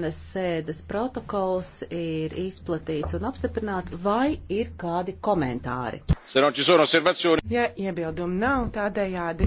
šodienas sēdes protokols ir izplatīts un apstiprināts, vai ir kādi komentāri? Ja iebildumi nav, tādējādi